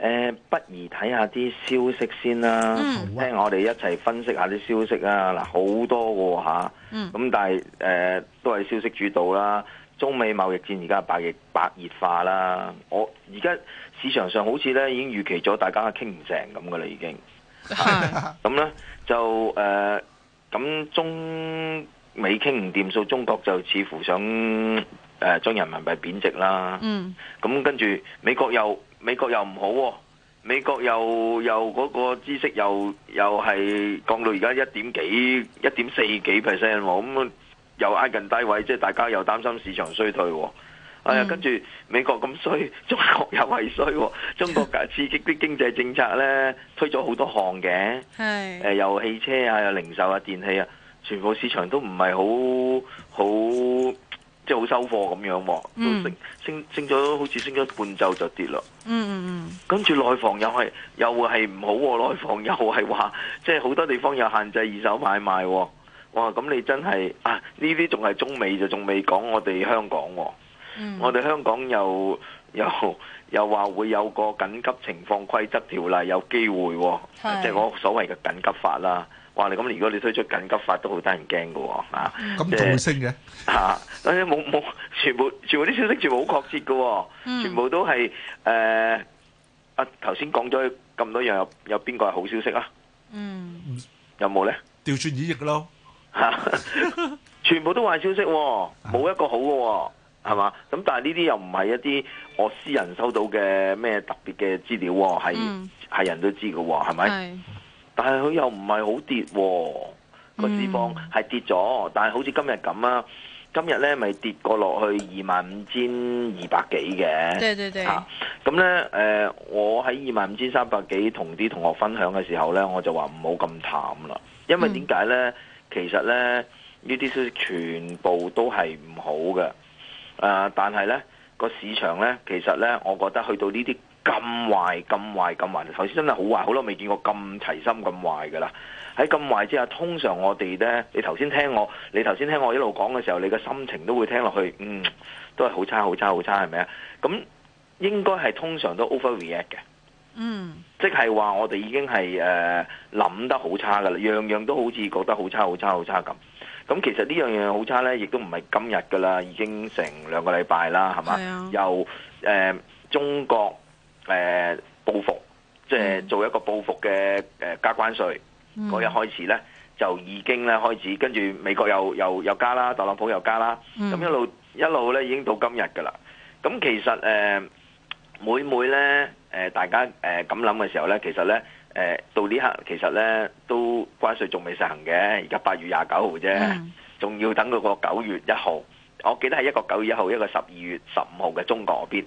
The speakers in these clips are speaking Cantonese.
誒、呃，不如睇下啲消息先啦，嗯、聽我哋一齊分析下啲消息啊！嗱、啊，好多個吓，咁但係誒、呃、都係消息主導啦。中美貿易戰而家百熱百熱化啦，我而家市場上好似咧已經預期咗大家傾唔成咁噶啦，已經咁咧 就誒咁、呃、中美傾唔掂數，中國就似乎想誒將、呃、人民幣貶值啦，咁、嗯嗯、跟住美國又。美國又唔好、啊，美國又又嗰個知識又又係降到而家一點幾、一點四幾 percent 喎，咁、啊嗯、又挨近低位，即係大家又擔心市場衰退、啊。哎呀、嗯，跟住、啊、美國咁衰，中國又係衰、啊，中國嘅刺激啲經濟政策呢，推咗好多項嘅，誒是、呃、又汽車啊、又零售啊、電器啊，全部市場都唔係好好。即係好收貨咁樣喎、啊嗯，升升升咗，好似升咗半週就跌咯、嗯。嗯嗯嗯。跟住內房又係又係唔好喎、啊，嗯、內房又係話即係好多地方有限制二手買賣、啊。哇！咁你真係啊？呢啲仲係中美就仲未講，我哋香港、啊。嗯。我哋香港又又又話會有個緊急情況規則條例有機會、啊，即係我所謂嘅緊急法啦。哇！你咁如果你推出緊急法都好得人驚嘅喎，嚇咁仲會升嘅嚇，而且冇冇全部全部啲消息全部好確切嘅。嗯、全部都係誒、呃、啊頭先講咗咁多樣，有邊個係好消息啊？嗯，有冇咧？調轉意義咯，全部都壞消息，冇一個好嘅，係嘛、啊？咁但係呢啲又唔係一啲我私人收到嘅咩特別嘅資料，係係、嗯、人都知嘅，係咪？但係佢又唔係好跌，哦，嗯、個指望係跌咗，但係好似今日咁啊！今日咧咪跌過落去二萬五千二百幾嘅，對對對，咁咧誒，我喺二萬五千三百幾同啲同學分享嘅時候咧，我就話唔好咁淡啦，因為點解咧？嗯、其實咧呢啲消息全部都係唔好嘅，誒、呃，但係咧個市場咧，其實咧，我覺得去到呢啲。咁壞、咁壞、咁壞，頭先真係好壞，好耐未見過咁齊心、咁壞㗎啦。喺咁壞之下，通常我哋呢，你頭先聽我，你頭先聽我一路講嘅時候，你嘅心情都會聽落去，嗯，都係好差、好差、好差，係咪啊？咁應該係通常都 overreact 嘅，嗯，即係話我哋已經係誒諗得好差㗎啦，樣樣都好似覺得好差、好差、好差咁。咁其實呢樣樣好差呢，亦都唔係今日㗎啦，已經成兩個禮拜啦，係嘛？又誒、啊呃、中國。誒、呃、報復，即係做一個報復嘅誒、呃、加關稅嗰日開始咧，就已經咧開始，跟住美國又又又加啦，特朗普又加啦，咁、嗯、一路一路咧已經到今日噶啦。咁其實誒、呃、每每咧誒、呃、大家誒咁諗嘅時候咧，其實咧誒、呃、到呢刻其實咧都關稅仲未實行嘅，而家八月廿九號啫，仲、嗯、要等到個九月一號。我記得係一個九月一號，一個十二月十五號嘅中國嗰邊。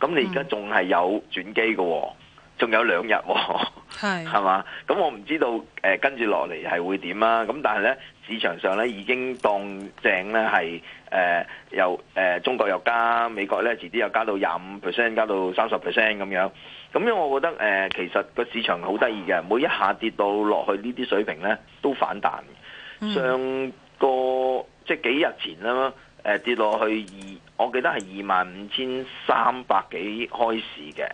咁你而家仲係有轉機嘅、哦，仲有兩日、哦，係係嘛？咁 我唔知道誒跟住落嚟係會點啊！咁但係呢市場上呢已經當正呢係誒由誒中國又加美國呢遲啲又加到廿五 percent，加到三十 percent 咁樣。咁樣我覺得誒、呃、其實個市場好得意嘅，每一下跌到落去呢啲水平呢都反彈。嗯、上個即係幾日前啦。誒、呃，跌落去二，我記得係二萬五千三百幾開市嘅，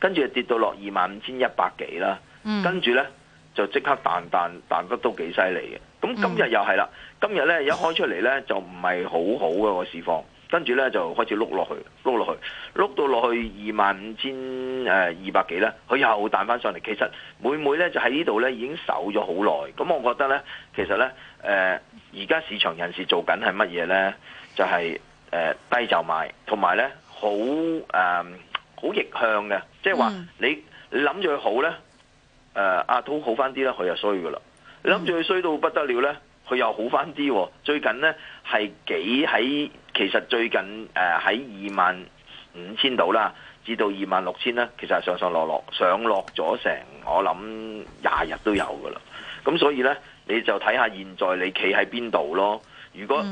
跟住跌到落二萬五千一百幾啦，跟住、嗯、呢，就即刻彈彈彈得都幾犀利嘅，咁今日又係啦，今日呢一開出嚟呢，就唔係好好嘅個市況。跟住咧就開始碌落去，碌落去，碌到落去二萬五千誒二百幾咧，佢又彈翻上嚟。其實每每咧就喺呢度咧已經守咗好耐。咁、嗯、我覺得咧，其實咧誒而家市場人士做緊係乜嘢咧？就係、是、誒、呃、低就買，同埋咧好誒好逆向嘅，即係話你你諗住佢好咧，誒、啊、阿都好翻啲啦，佢就衰㗎喇。你諗住佢衰到不得了咧？佢又好翻啲、哦，最近呢，係幾喺，其實最近誒喺二萬五千度啦，至到二萬六千呢，其實上上落落上落咗成，我諗廿日都有噶啦。咁所以呢，你就睇下現在你企喺邊度咯。如果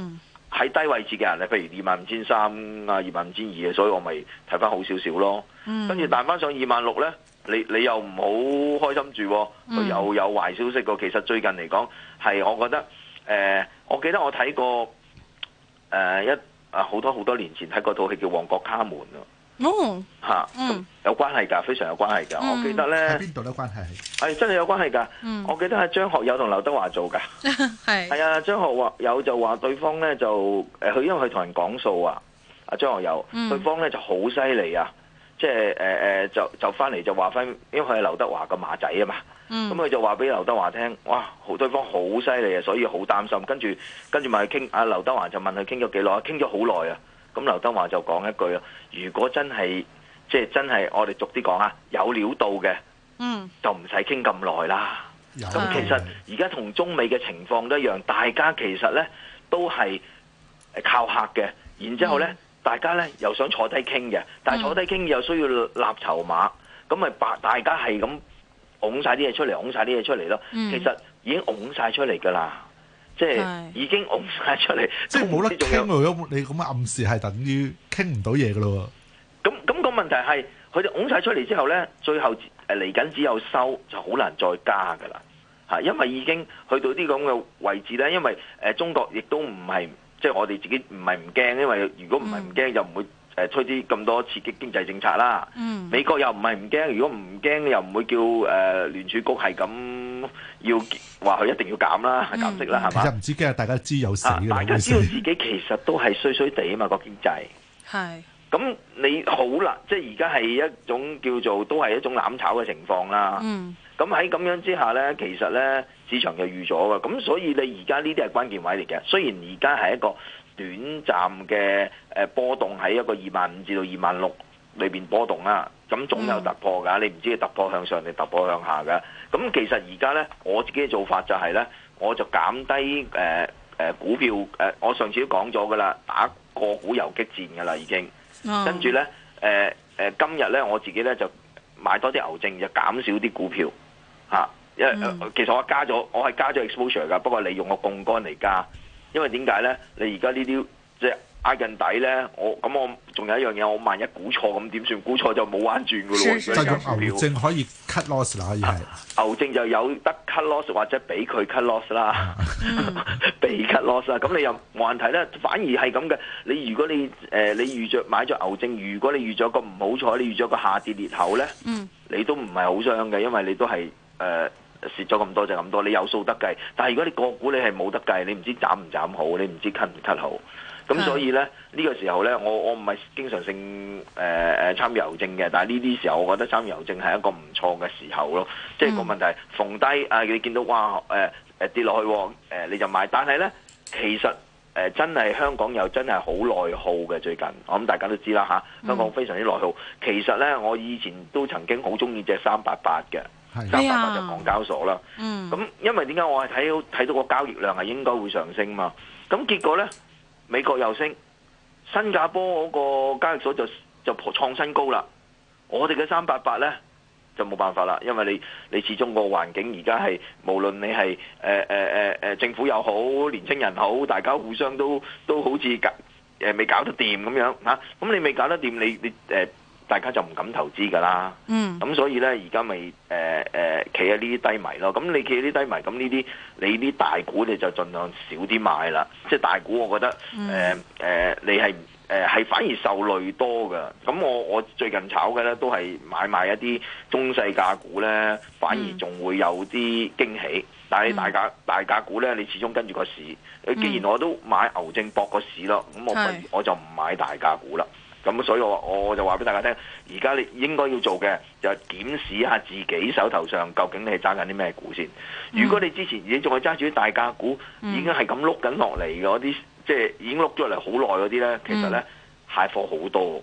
喺低位置嘅人咧，譬如二萬五千三啊、二萬五千二呀，所以我咪睇翻好少少咯。跟住彈翻上二萬六呢，你你又唔好開心住，佢又有，有壞消息個。其實最近嚟講係，我覺得。誒、呃，我記得我睇過誒、呃、一啊好多好多年前睇過套戲叫《旺角卡門》咯，吓，有關係噶非常有關係噶嗯、我記得咧，邊度有關係？係、哎、真係有關係噶嗯、我記得係張學友同劉德華做噶係係 是啊，張學友就話對方咧就誒，佢因為佢同人講數啊，阿張學友，嗯、對方咧就好犀利啊，即係誒誒，就就翻嚟，就話翻，因為佢係劉德華個馬仔啊嘛。咁佢、嗯、就話俾劉德華聽，哇，對方好犀利啊，所以好擔心。跟住跟住問佢傾，阿劉德華就問佢傾咗幾耐，傾咗好耐啊。咁劉德華就講一句，如果真係即係真係，我哋逐啲講啊，有料到嘅，2 嗯，就唔使傾咁耐啦。咁、嗯、其實而家同中美嘅情況都一樣，大家其實咧都係靠客嘅，然之後咧、嗯、大家咧又想坐低傾嘅，但係坐低傾又需要立籌碼，咁咪白，大家係咁。㧬曬啲嘢出嚟，㧬曬啲嘢出嚟咯。其實已經㧬曬出嚟噶啦，嗯、即係是已經㧬曬出嚟，即係冇得傾有你咁樣暗示係等於傾唔到嘢噶咯。咁咁、個問題係，佢哋㧬曬出嚟之後咧，最後誒嚟緊只有收就好難再加噶啦，嚇，因為已經去到啲咁嘅位置咧。因為誒、呃、中國亦都唔係即係我哋自己唔係唔驚，因為如果唔係唔驚就唔會。誒、呃、推啲咁多刺激經濟政策啦，嗯、美國又唔係唔驚，如果唔驚又唔會叫誒、呃、聯儲局係咁要話佢一定要減啦、嗯、減息啦，係嘛、嗯？又唔知驚，大家知有大家知道自己其實都係衰衰地啊嘛，個經濟。係是。咁你好啦，即係而家係一種叫做都係一種攬炒嘅情況啦。嗯。咁喺咁樣之下咧，其實咧市場就預咗㗎，咁所以你而家呢啲係關鍵位嚟嘅。雖然而家係一個短暫嘅誒波動喺一個二萬五至到二萬六裏邊波動啦、啊，咁總有突破㗎、啊。你唔知佢突破向上定突破向下㗎。咁其實而家呢，我自己嘅做法就係呢，我就減低誒誒、呃呃、股票誒、呃。我上次都講咗㗎啦，打個股游擊戰㗎啦已經。跟住呢，誒、呃、誒、呃，今日呢，我自己呢就買多啲牛證，就減少啲股票嚇、啊。因為、嗯呃、其實我加咗，我係加咗 exposure 㗎，不過你用個槓桿嚟加。因為點解咧？你而家呢啲即係挨近底咧，我咁我仲有一樣嘢，我萬一估錯咁點算？估錯就冇彎轉噶咯，正是可以 cut loss 啦，啊、可以係牛證就有得 cut loss 或者俾佢 cut loss 啦，被、啊、 cut loss 啦，咁你又冇問題咧，反而係咁嘅。你如果你誒、呃、你預著買咗牛證，如果你預咗個唔好彩，你預咗個下跌裂口咧，嗯、你都唔係好傷嘅，因為你都係誒。呃蝕咗咁多就咁多，你有數得計。但係如果你個股你係冇得計，你唔知斬唔斬好，你唔知 cut 唔 cut 好。咁所以呢，呢、嗯、個時候呢，我我唔係經常性誒誒、呃、參與郵政嘅，但係呢啲時候我覺得參與郵政係一個唔錯嘅時候咯。即係個問題，嗯、逢低啊，你見到哇誒、呃呃、跌落去誒、呃、你就買，但係呢，其實誒、呃、真係香港又真係好內耗嘅最近，我諗大家都知啦嚇、啊，香港非常之內耗。嗯、其實呢，我以前都曾經好中意隻三八八嘅。三八八就港交所啦，咁、哎嗯、因為點解我係睇到睇到個交易量係應該會上升嘛，咁結果咧美國又升，新加坡嗰個交易所就就創新高啦，我哋嘅三八八咧就冇辦法啦，因為你你始終個環境而家係無論你係誒誒誒誒政府又好，年青人好，大家互相都都好似搞誒未搞得掂咁樣吓，咁、啊嗯、你未搞得掂你你誒。呃大家就唔敢投資噶啦，咁、嗯、所以咧而家咪誒誒企喺呢啲、呃呃、低迷咯。咁你企喺呢啲低迷，咁呢啲你啲大股你就儘量少啲買啦。即、就、係、是、大股，我覺得誒誒、呃呃、你係誒係反而受累多噶。咁我我最近炒嘅咧都係買賣一啲中細價股咧，反而仲會有啲驚喜。嗯、但係大價大價股咧，你始終跟住個市。既然我都買牛證博個市咯，咁我咪我就唔是買大價股啦。咁所以我我就話俾大家聽，而家你應該要做嘅就係檢視下自己手頭上究竟你係揸緊啲咩股先。如果你之前已經你仲係揸住啲大價股，已經係咁碌緊落嚟嗰啲，即係已經碌咗嚟好耐嗰啲呢，其實呢，蟹貨好多，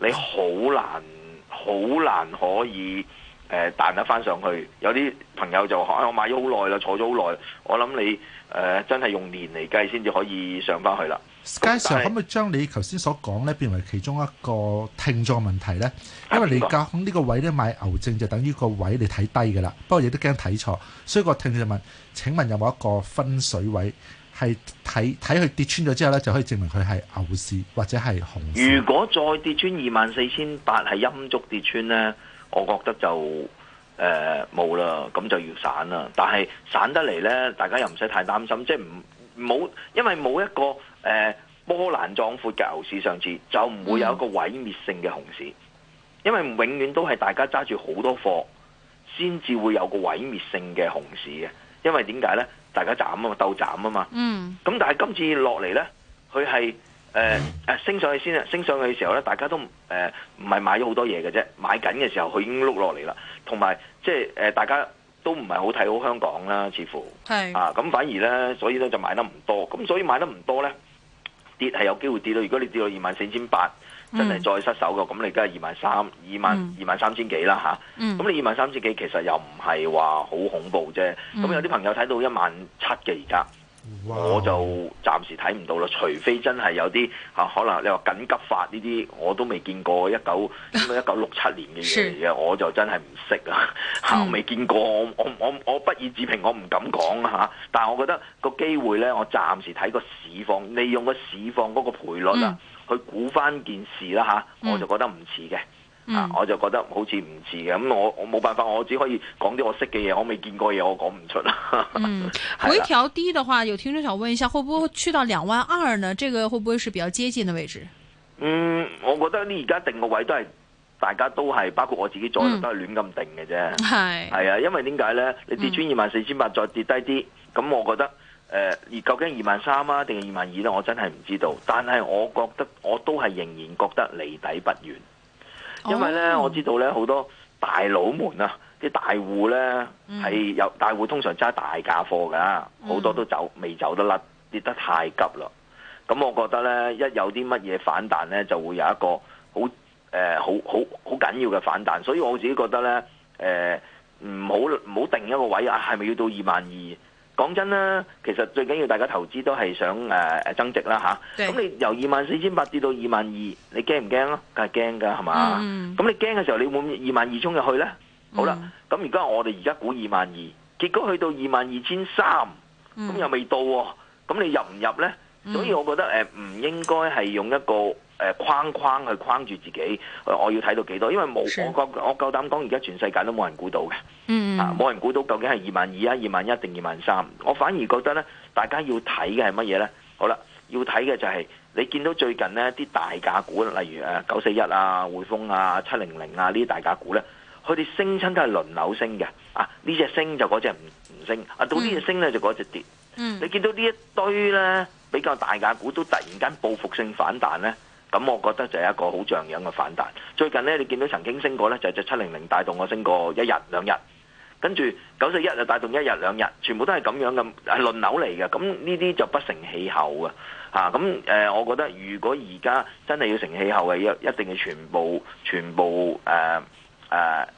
你好難好難可以誒彈得翻上去。有啲朋友就話、哎、我買咗好耐啦，坐咗好耐，我諗你誒真係用年嚟計先至可以上翻去啦。Sky Sir，是可唔可以將你頭先所講咧變為其中一個聽眾問題咧？因為你隔呢個位咧買牛證，就等於個位你睇低噶啦。不過亦都驚睇錯，所以個聽眾就問：請問有冇一個分水位係睇睇佢跌穿咗之後咧，就可以證明佢係牛市或者係熊市？如果再跌穿二萬四千八係陰燭跌穿咧，我覺得就誒冇啦，咁、呃、就要散啦。但係散得嚟咧，大家又唔使太擔心，即係唔冇，因為冇一個。啊、波瀾壯闊嘅牛市上次就唔會有一個毀滅性嘅熊、嗯、熊市，因為永遠都係大家揸住好多貨，先至會有個毀滅性嘅熊市嘅。因為點解呢？大家斬啊嘛，鬥斬啊嘛。咁、嗯、但係今次落嚟呢，佢係、呃、升上去先啊，升上去嘅時候呢，大家都唔係、呃、買咗好多嘢嘅啫，買緊嘅時候佢已經碌落嚟啦。同埋即係、呃、大家都唔係好睇好香港啦，似乎是啊，咁反而呢，所以呢，就買得唔多。咁所以買得唔多呢。跌係有機會跌到，如果你跌到二萬四千八，真係再失手嘅，咁、嗯、你梗係二萬三、二萬二萬三千幾啦吓，咁你二萬三千幾，其實又唔係話好恐怖啫。咁、嗯、有啲朋友睇到一萬七嘅而家。Wow. 我就暫時睇唔到啦，除非真係有啲吓、啊，可能你話緊急法呢啲，我都未見過一九一九六七年嘅嘢， 是我就真係唔識啊，吓未、mm. 見過，我我我，我不以置評，我唔敢講吓、啊。但係我覺得、個機會呢，我暫時睇個市況，利用個市況嗰個賠率啦，mm. 去估翻件事啦吓、啊，我就覺得唔似嘅。Mm. Mm. 啊！我就覺得好似唔似嘅，咁、嗯嗯、我我冇辦法，我只可以講啲我識嘅嘢，我未見過嘢，我講唔出啦。回調低嘅話，有聽眾想問一下，會唔會去到兩萬二呢？這個會唔會係比較接近嘅位置？嗯，我覺得呢而家定個位都係大家都係包括我自己在內都係亂咁定嘅啫。係係啊，因為點解呢？你跌穿二萬四千八再跌低啲，咁、嗯嗯、我覺得誒、呃，究竟二萬三啊定二萬二呢？我真係唔知道。但係我覺得我都係仍然覺得離底不遠。因為咧，我知道咧好多大佬們啊，啲大戶咧係有大戶通常揸大價貨噶好多都走未走得甩，跌得太急啦。咁我覺得咧，一有啲乜嘢反彈咧，就會有一個好誒好好好緊要嘅反彈。所以我我自己覺得咧，誒，唔好唔好定一個位啊，係咪要到二萬二？講真啦，其實最緊要大家投資都係想誒、呃、增值啦吓。咁、啊嗯、你由二萬四千八跌到二萬二，嗯、你驚唔驚咯？梗係驚噶，係嘛？咁你驚嘅時候，你會唔會二萬二沖入去呢？好啦，咁而家我哋而家估二萬二，結果去到二萬二千三，咁又未到喎、啊，咁你入唔入呢？所以我覺得誒，唔、呃、應該係用一個。呃、框框去框住自己，我要睇到幾多？因為冇我夠我,我夠膽講，而家全世界都冇人估到嘅，冇、嗯啊、人估到究竟係二萬二啊、二萬一定二萬三。我反而覺得咧，大家要睇嘅係乜嘢呢？好啦，要睇嘅就係、係、你見到最近呢啲大價股，例如九四一啊、匯豐啊、七零零啊呢啲大價股呢，佢哋升親都係輪流升嘅啊。呢隻升就嗰隻唔唔升，啊到呢隻升呢就嗰隻跌。嗯、你見到呢一堆呢比較大價股都突然間報復性反彈呢。咁我覺得就係一個好象樣嘅反彈。最近呢，你見到曾經升過呢，就係隻七零零帶動過升過一日兩日，跟住九四一就帶動一日兩日，全部都係咁樣嘅，係輪流嚟嘅。咁呢啲就不成氣候嘅嚇。咁、啊、誒、呃，我覺得如果而家真係要成氣候嘅，要一定要全部全部誒誒、呃呃、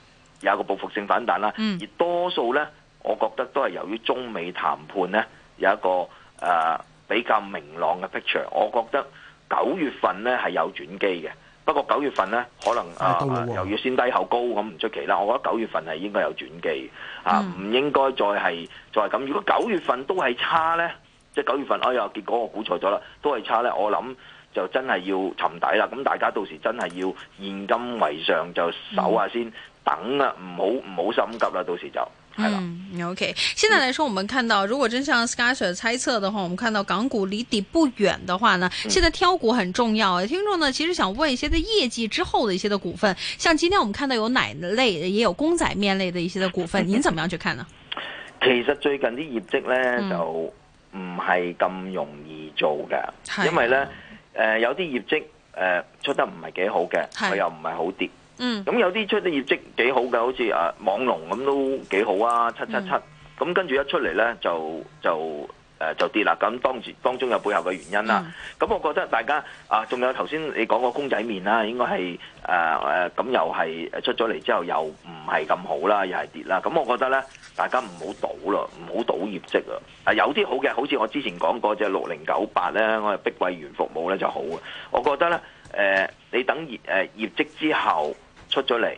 有一個報復性反彈啦。嗯、而多數呢，我覺得都係由於中美談判呢，有一個誒、呃、比較明朗嘅 picture，我覺得。九月份咧係有轉機嘅，不過九月份咧可能啊又要先低後高咁唔出奇啦。我覺得九月份係應該有轉機、嗯、啊，唔應該再係再係咁。如果九月份都係差咧，即係九月份哎呀，結果我估錯咗啦，都係差咧。我諗就真係要沉底啦。咁大家到時真係要現金為上，就守下先，嗯、等啊，唔好唔好心急啦，到時就。係啦，OK。 現在來說，我們看到如果真像 SkySir 猜測的話，我們看到港股離底不遠的話呢？現在挑股很重要。聽眾呢，其實想問一些在業績之後的一些的股份，像今天我們看到有奶類，也有公仔麵類的一些的股份，您怎麼樣去看呢？ 其實最近啲業績呢，就唔係咁容易做嘅， 嗯、因為呢， 呃、有啲業績、呃、出得唔係幾好嘅，佢 又唔係好跌。嗯，咁有啲出啲業績幾好嘅，好似啊網龍咁都幾好啊七七七，咁、嗯、跟住一出嚟咧就就誒、呃、就跌啦。咁當時當中有背後嘅原因啦。咁、嗯、我覺得大家啊，仲、呃、有頭先你講個公仔麵啦，應該係誒誒咁又係出咗嚟之後又唔係咁好啦，又係跌啦。咁我覺得咧，大家唔好賭咯，唔好賭業績啊。啊有啲好嘅，好似我之前講嗰隻六零九八咧，我係碧桂園服務咧就好啊。我覺得咧誒、呃，你等業誒業績之後。出咗嚟，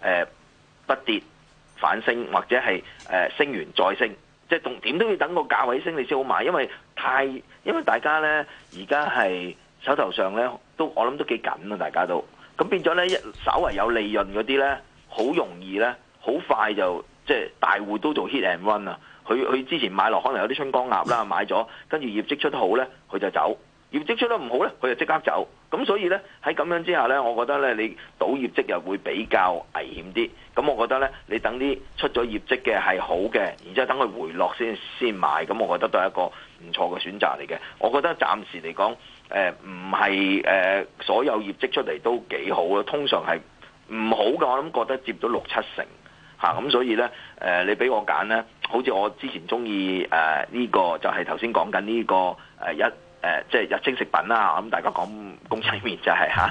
呃，不跌反升或者係，呃、升完再升，即係仲點都要等個價位升你先好買，因為太因為大家呢，而家係手頭上呢，都我諗都幾緊啊，大家都咁變咗呢，稍為有利潤嗰啲呢，好容易呢，好快就即係大戶都做 hit and run 啊！佢佢之前買落可能有啲春江鴨啦買咗，跟住業績出得好呢，佢就走；業績出得唔好呢，佢就即刻走。咁所以呢，喺咁樣之下呢，我覺得呢，你倒業績又會比較危險啲。咁我覺得呢，你等啲出咗業績嘅係好嘅，然之後等佢回落先先買。咁我覺得都係一個唔錯嘅選擇嚟嘅。我覺得暫時嚟講，呃、唔係、呃、所有業績出嚟都幾好啊。通常係唔好嘅，我諗覺得接咗六七成嚇。咁、啊、所以呢，誒、呃、你俾我揀呢，好似我之前中意誒呢個就係頭先講緊呢個、呃、一。誒、呃，即係日清食品啦，咁大家講公仔麵就係、是、嚇，誒、啊、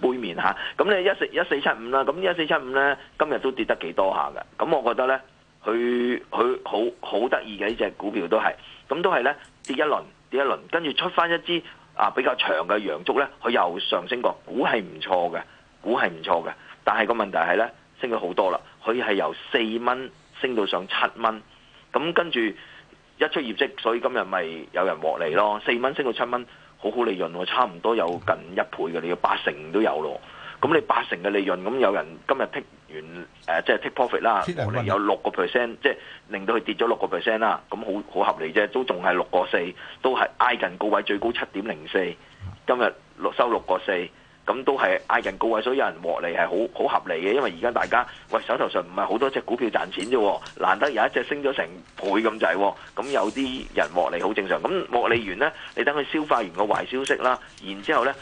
杯麵嚇，咁、啊、你一四一四七五啦，咁一四七五咧今日都跌得幾多下嘅，咁我覺得咧，佢佢好好得意嘅呢隻股票都係，咁都係咧跌一輪跌一輪，跟住出翻一支啊比較長嘅陽燭咧，佢又上升過。股係唔錯嘅，股係唔錯嘅，但係個問題係咧，升咗好多啦，佢係由四蚊升到上七蚊，咁跟住。一出業績，所以今日咪有人獲利咯。四蚊升到七蚊，好好利潤喎，差唔多有近一倍嘅，你要八成都有咯。咁你八成嘅利潤，咁有人今日剔完，誒即係 take profit 啦，我哋有六個 percent，即係令到佢跌咗六個 percent 啦。咁好好合理啫，都仲係六個四，都係挨近高位，最高七點零四，今日六收六個四。咁都係嗌人高位，所以有人獲利係好好合理嘅。因為而家大家喂手頭上唔係好多隻股票賺錢啫，難得有一隻升咗成倍咁滯，咁有啲人獲利好正常。咁獲利完呢，你等佢消化完個壞消息啦，然之後呢。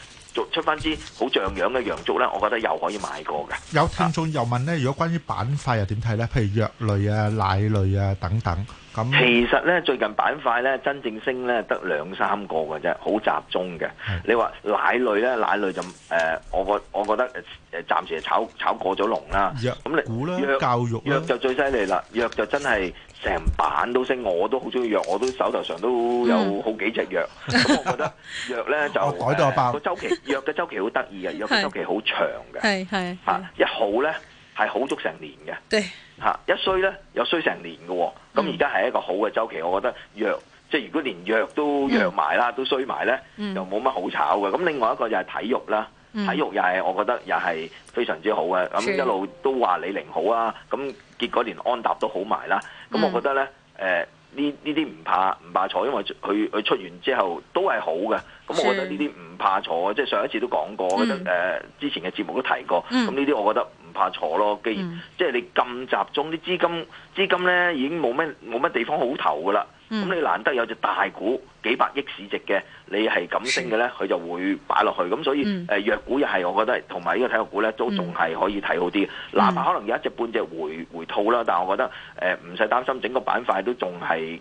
出翻支好像樣嘅陽燭咧，我覺得又可以買過嘅。有聽眾又問咧，如果關於板塊又點睇咧？譬如藥類啊、奶類啊等等。咁其實咧，最近板塊咧真正升咧得兩三個嘅啫，好集中嘅。是你話奶類咧，奶類就誒，我、呃、我我覺得誒暫時係炒炒過咗龍啦。藥咁咧股咧，藥教育藥就最犀利啦，藥就真係。成板都升，我都好中意藥，我都手頭上都有好幾隻藥。咁、嗯、我覺得藥咧 就改都個週期，藥嘅周期好得意嘅，藥嘅周期好長嘅。係係嚇一好咧係好足成年嘅，嚇對、啊、一衰咧又衰成年嘅。咁而家係一個好嘅周期，我覺得藥即係如果連藥都藥埋啦，嗯、都衰埋咧，又冇乜好炒嘅。咁、啊、另外一個就係體育啦。體育又係，我覺得又係非常之好嘅。咁一路都話李寧好啊，咁結果連安踏都好埋啦。咁我覺得咧，誒呢呢啲唔怕唔怕錯，因為佢佢出完之後都係好嘅。咁我覺得呢啲唔怕錯，即、就、係、是、上一次都講過，嗯、覺得誒、呃、之前嘅節目都提過。咁呢啲我覺得唔怕錯咯。既然即係、嗯、你咁集中啲資金，資金咧已經冇咩冇咩地方好投㗎啦。咁你、嗯、難得有隻大股幾百億市值嘅，你係咁升嘅呢，佢是就會擺落去。咁所以誒弱、嗯呃、股又係，我覺得同埋呢個體育股呢，都仲係可以睇好啲。哪怕、嗯、可能有一隻半隻回回吐啦，但係我覺得唔使、呃、擔心整個板塊都仲係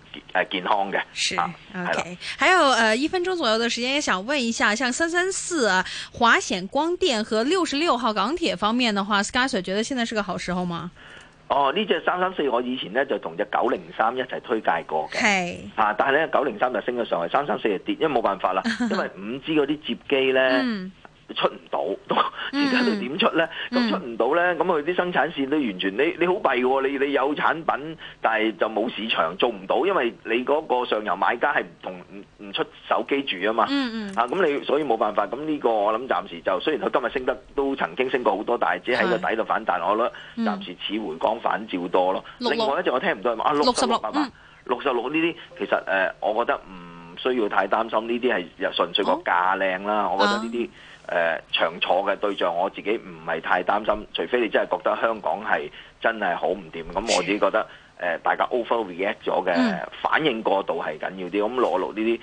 健康嘅。是，OK，還有誒一分鐘左右嘅時間，也想問一下，像三三四、華顯光電和六十六號港鐵方面嘅話 SkySir 覺得現在係個好時候嗎？哦，呢隻三三四我以前咧就同隻九零三一齊推介過嘅，吓是、啊，但係咧九零三就升咗上去，三三四就跌，因為冇辦法啦， 因為五支嗰啲接機咧。嗯出唔到，而家都點出咧？咁、嗯、出唔到咧？咁佢啲生產線都完全，你你好弊嘅喎，你你,你有產品，但係就冇市場做唔到，因為你嗰個上游買家係唔同唔唔出手機住啊嘛。嗯嗯、啊，咁你所以冇辦法。咁呢個我諗暫時就，雖然佢今日升得都曾經升過好多，但係只係個底度反彈。是我覺得暫時似回光返照多咯。嗯、另外一隻我聽唔到係啊六十六百萬，六十六呢啲其實誒、呃，我覺得唔。需要太擔心呢啲係純粹個價靚啦，哦、我覺得呢啲誒長坐嘅對象我自己唔係太擔心，除非你真係覺得香港係真係好唔掂，咁我自己覺得誒、呃、大家 over react 咗嘅反應過度係緊要啲，咁攞、嗯嗯、落呢啲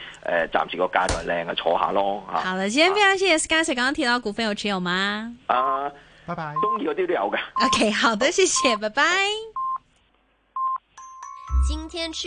誒暫時個價就係靚坐下咯嚇。啊、好啦，今天非常謝謝 Sky、啊、剛剛提到股份有持有嗎？啊，拜拜。中意嗰啲都有嘅。OK，好的，謝謝，拜拜。今天吃。